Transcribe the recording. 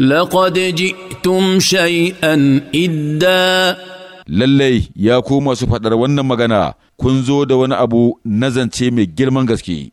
لقد جئتم شيئا idda. lallai ya koma su faɗar wannan magana kun zo da wani abu na zance mai girman gaske.